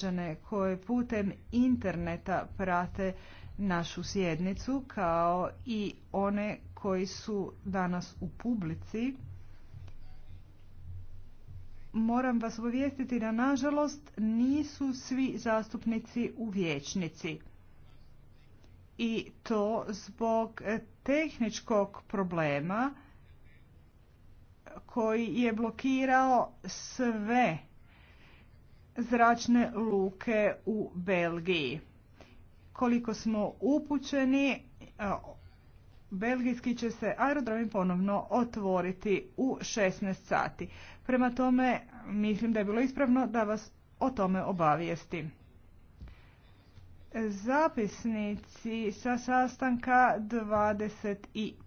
građane koje putem interneta prate našu sjednicu kao i one koji su danas u publici. Moram vas obavijestiti da nažalost nisu svi zastupnici u vječnici. I to zbog tehničkog problema koji je blokirao sve zračne luke u Belgiji. Koliko smo upućeni, e, belgijski će se aerodromi ponovno otvoriti u 16 sati. Prema tome, mislim da je bilo ispravno da vas o tome obavijestim. Zapisnici sa sastanka i